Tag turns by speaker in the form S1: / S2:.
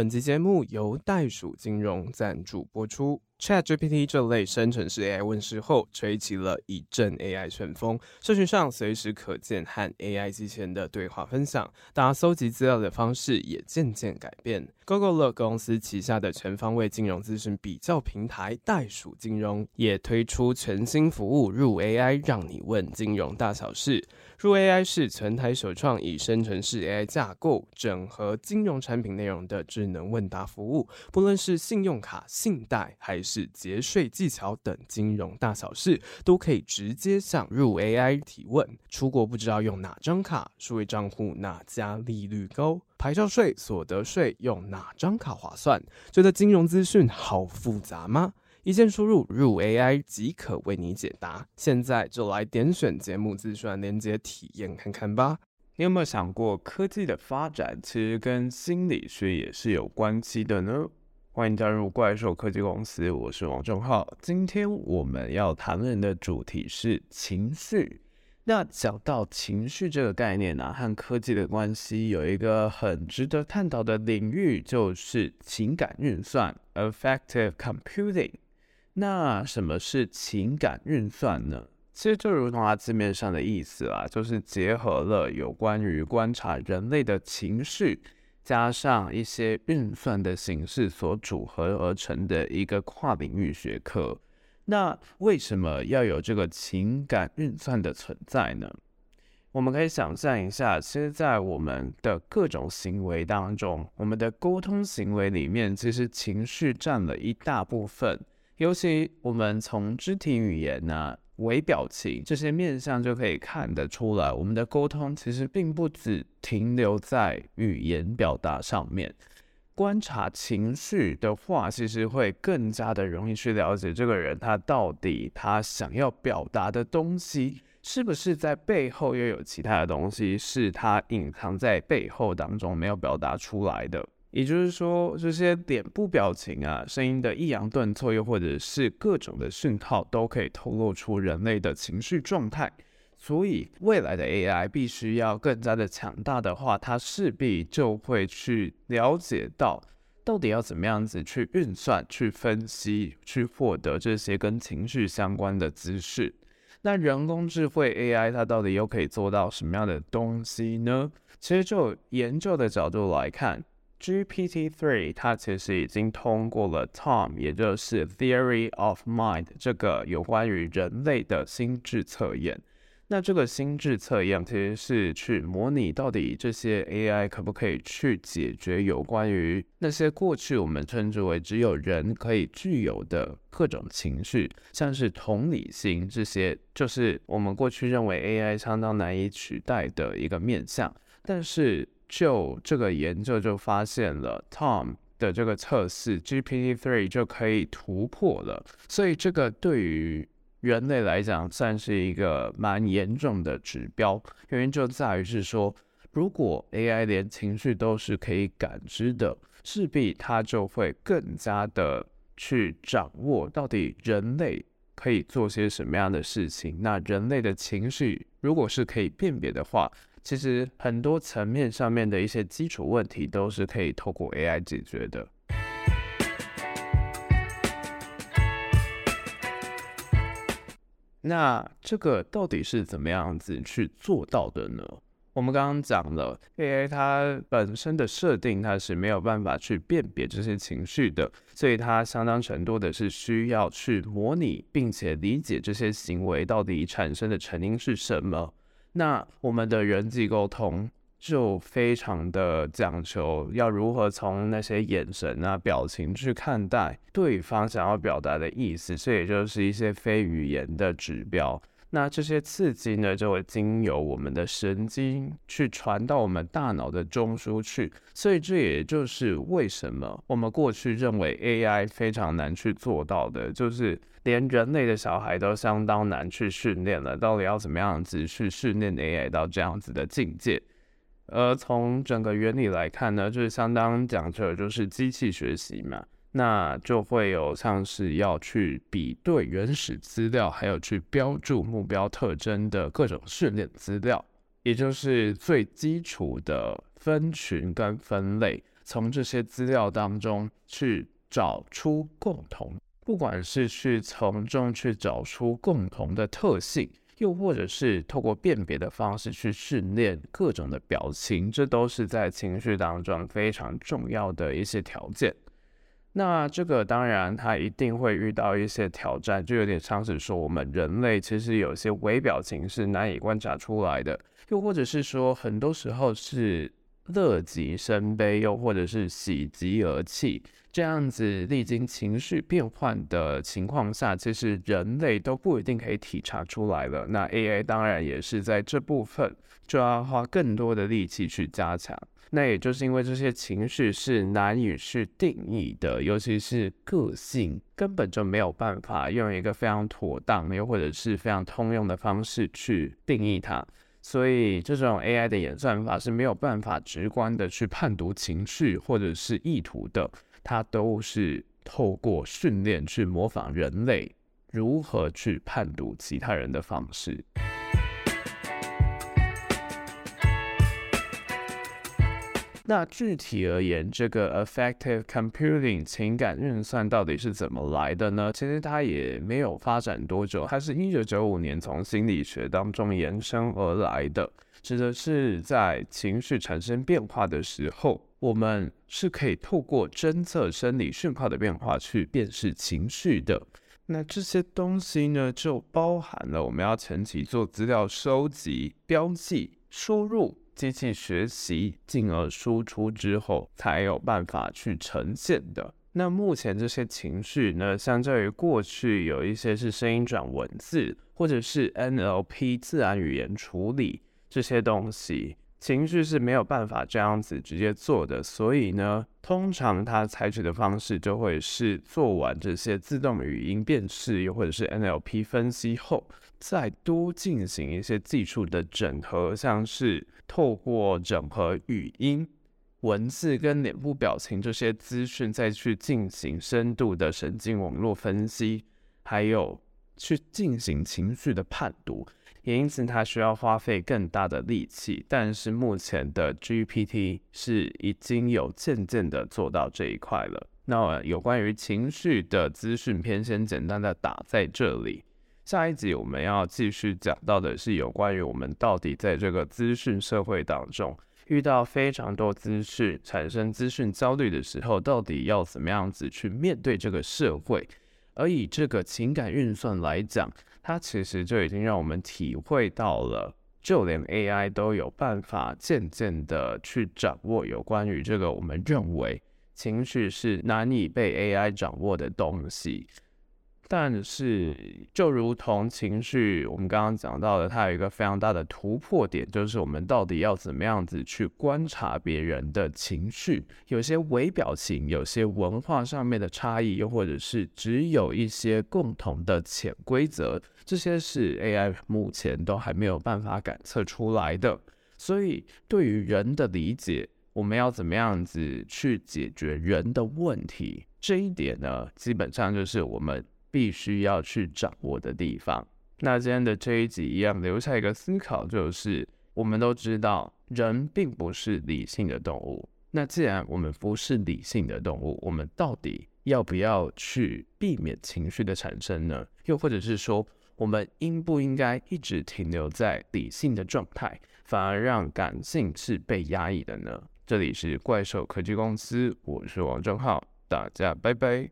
S1: 本集節目由袋鼠金融贊助播出。ChatGPT 這類生成式 AI 問世後，吹起了一陣 AI 旋風。社群上隨時可見和 AI 機器人的對話分享，大家蒐集資料的方式也漸漸改變。Google -Go 公司旗下的全方位金融資訊比較平台“袋鼠金融”也推出全新服務 ——Roo AI，讓你問金融大小事。Roo AI 是全台首創以生成式 AI 架構整合金融產品內容的智能問答服務，不論是信用卡、信貸還是是節稅技巧等金融大小事，都可以直接向 Roo AI 提問。出國不知道用哪張卡？數位賬戶哪家利率高？牌照稅、所得稅用哪張卡划算？覺得金融資訊好複雜嗎？一鍵輸入 Roo AI 即可為你解答。現在就來點選節目資訊鏈接體驗看看吧。你有沒有想過，科技的發展其實跟心理學也是有關係的呢？歡迎加入怪獸科技公司，我是王仲浩。今天我們要談論的主題是情緒。那講到情緒這個概念、啊、和科技的關係有一個很值得探討的領域，就是情感運算 （Affective Computing）。那什麼是情感運算呢？其實就如同它字面上的意思啦、啊，就是結合了有關於觀察人類的情緒。加上一些運算的形式所組合而成的一個跨領域學科。那為什麼要有這個情感運算的存在呢？我們可以想象一下，其實，在我們的各種行為當中，我們的溝通行為裡面，其實情緒占了一大部分。尤其我們從肢體語言呢、啊。微表情這些面相就可以看得出來，我們的溝通其實並不只停留在語言表達上面。觀察情緒的話，其實會更加的容易去了解這個人他到底他想要表達的東西，是不是在背後又有其他的東西是他隱藏在背後當中沒有表達出來的。也就是說，這些臉部表情啊、聲音的抑揚頓挫，又或者是各種的訊號，都可以透露出人類的情緒狀態。所以，未來的 AI 必須要更加的強大的話，它勢必就會去了解到，到底要怎麼樣子去運算、去分析、去獲得這些跟情緒相關的知識。那人工智慧 AI 它到底又可以做到什麼樣的東西呢？其實，就研究的角度來看。GPT-3 它其實已經通過了 TOM，也就是 Theory of Mind 這個有關於人類的心智測驗。那這個心智測驗其實是去模擬到底這些 AI 可不可以去解決有關於那些過去我們稱之為只有人可以具有的各種情緒，像是同理心這些，就是我們過去認為 AI 相當難以取代的一個面向，但是，就這個研究就發現了，Tom 的這個測試 GPT 3就可以突破了，所以這個對於人類來講算是一個蠻嚴重的指標。原因就在於是說，如果 AI 連情緒都是可以感知的，勢必它就會更加的去掌握到底人類可以做些什麼樣的事情。那人類的情緒如果是可以辨別的話，其實很多層面上面的一些基礎問題都是可以透過 AI 解決的。 那這個到底是怎麼樣子去做到的呢？我們剛剛講了 AI 它本身的設定，它是沒有辦法去辨別這些情緒的，所以它相當程度的是需要去模擬，並且理解這些行為到底產生的成因是什麼。那我們的人際溝通就非常的講求，要如何從那些眼神啊、表情去看待對方想要表達的意思，這也就是一些非語言的指標。那這些刺激呢，就會經由我們的神經去傳到我們大腦的中樞去，所以這也就是為什麼我們過去認為 AI 非常難去做到的，就是連人類的小孩都相當難去訓練了，到底要怎麼樣子去訓練 AI 到這樣子的境界？而從整個原理來看呢，就是相當講究的就是機器學習嘛。那就會有像是要去比對原始資料，還有去標註目標特徵的各種訓練資料，也就是最基礎的分群跟分類。從這些資料當中去找出共同，不管是去從中去找出共同的特性，又或者是透過辨別的方式去訓練各種的表情，這都是在情緒當中非常重要的一些條件。那這個當然，它一定會遇到一些挑戰，就有點像是說，我們人類其實有些微表情是難以觀察出來的，又或者是說，很多時候是樂極生悲，又或者是喜極而泣，這樣子歷經情緒變換的情況下，其實人類都不一定可以體察出來了。那 AI 當然也是在這部分，就要花更多的力氣去加強。那也就是因為這些情緒是難以去定義的，尤其是個性根本就沒有辦法用一個非常妥當又或者是非常通用的方式去定義它，所以這種 AI 的演算法是沒有辦法直觀的去判讀情緒或者是意圖的，它都是透過訓練去模仿人類如何去判讀其他人的方式。那具體而言，這個 Affective Computing 情感運算到底是怎麼來的呢？其實它也沒有發展多久，它是一九九五年從心理學當中延伸而來的，指的是在情緒產生變化的時候，我們是可以透過偵測生理訊號的變化去辨識情緒的。那這些東西呢，就包含了我們要前期做資料收集、標記、輸入。機器學習，進而輸出之後，才有辦法去呈現的。那目前這些情緒呢，相較於過去，有一些是聲音轉文字，或者是 NLP 自然語言處理這些東西。情緒是沒有辦法這樣子直接做的，所以呢，通常他採取的方式就會是做完這些自動語音辨識又或者是 NLP 分析後，再多進行一些技術的整合，像是透過整合語音、文字跟臉部表情這些資訊，再去進行深度的神經網絡分析，還有。去進行情緒的判讀，也因此它需要花費更大的力氣。但是目前的 GPT 是已經有漸漸的做到這一塊了。那有關於情緒的資訊篇，先簡單的打在這裡。下一集我們要繼續講到的是有關於我們到底在這個資訊社會當中遇到非常多資訊，產生資訊焦慮的時候，到底要怎麼樣子去面對這個社會。而以這個情感運算來講，它其實就已經讓我們體會到了，就連 AI 都有辦法漸漸的去掌握有關於這個我們認為情緒是難以被 AI 掌握的東西。但是，就如同情緒，我們剛剛講到的，它有一個非常大的突破點，就是我們到底要怎麼樣子去觀察別人的情緒？有些微表情，有些文化上面的差異，又或者是只有一些共同的潛規則，這些是 AI 目前都還沒有辦法感測出來的。所以，對於人的理解，我們要怎麼樣子去解決人的問題？這一點呢，基本上就是我們。必須要去掌握的地方。那今天的這一集一樣留下一個思考，就是我們都知道人並不是理性的動物。那既然我們不是理性的動物，我們到底要不要去避免情緒的產生呢？又或者是說，我們應不應該一直停留在理性的狀態，反而讓感性是被壓抑的呢？這裡是怪獸科技公司，我是王正浩，大家拜拜。